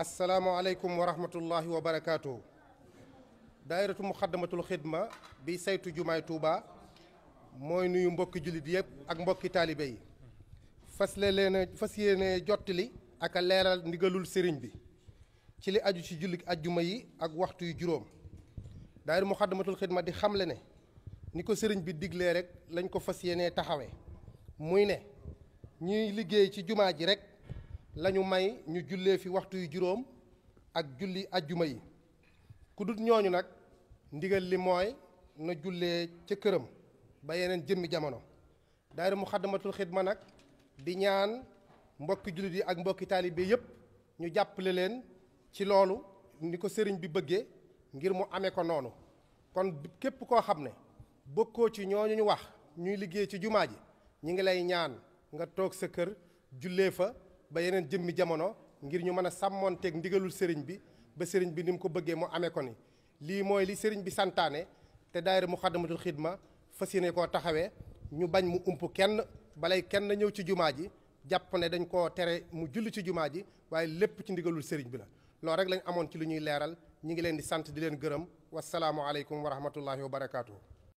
السلام عليكم ورحمة الله وبركاته دائرة مخدمة الخدمة بسيط جمعي توبا موي نوي مبوك جلد يب اك مبوك تالي جوتلي اك ليرا نغلول سرين بي تلي اجو سي جلد اجو مي اك وقت يجروم دائرة مخدمة الخدمة دي خملني نيكو سرين بي ديگ ليرك لنكو فسلين تحوي موي ني ني لگي سي جمعي lañu may ñu jullee fi waxtu yu juróom ak julli ajjuma yi ku dut ñooñu nag ndigal li mooy na jullee ca këram ba yeneen jëmmi jamono daayira Muxaddamatul Xidma nag di ñaan mbokki jullit yi ak mbokki taalibe yépp ñu jàppale leen ci loolu ni ko sëriñ bi bëggee ngir mu amee ko noonu kon képp koo xam ne bokkoo ci ñooñu ñu wax ñuy liggéey ci jumaa ji ñi ngi lay ñaan nga toog sa kër jullee fa ba yeneen jëmmi jamono ngir ñu mën a sàmmoonteeg ndigalul sëriñ bi ba sëriñ bi ni mu ko bëggee mu amee ko ni lii mooy li sëriñ bi santaane te daayira Muxaddamatul Xidma fas yéene koo taxawee ñu bañ mu ump kenn balay kenn ñëw ci jumaa ji jàpp ne dañ ko tere mu julli ci jumaa ji waaye lépp ci ndigalul sëriñ bi la loolu rek lañu amoon ci lu ñuy leeral ñi ngi leen di sant di leen gërëm wasalaamualeykum wa rahmatullahi wa barakaatu.